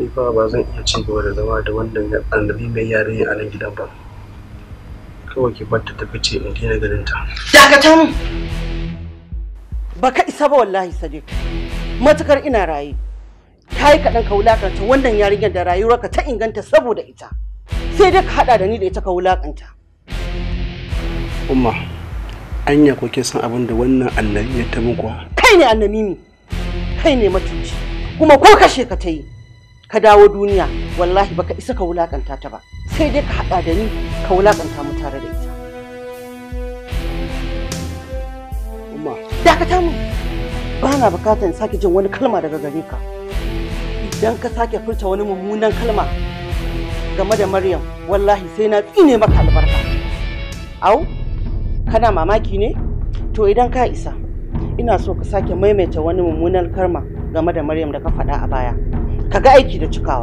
ni fa ba zan iya ci gaba da zama da wannan annabi mai yare a nan gidan ba kawai ki bar ta tafi ce in daina ganin ta dakata mu baka isa ba wallahi sadiq matukar ina raye ta yi kaɗan ka wulakanta wannan yarinyar da rayuwarka ta inganta saboda ita sai dai ka haɗa da ni da ita ka wulakanta umma anya ko ke san abin da wannan annabi ya ta muku kai ne annabi kai ne matuci kuma ko kashe ka ta yi ka dawo duniya wallahi baka isa ka wulakanta ta ba sai dai ka haɗa da ni ka wulakanta mu tare da ita umma dakata mu ba na bukatar sake jin wani kalma daga gare ka idan ka sake furta wani mummunan kalma game da maryam wallahi sai na tsine maka albarka au kana mamaki ne to idan ka isa ina so ka sake maimaita wani mummunan kalma game da maryam da ka faɗa a baya ka ga aiki da cikawa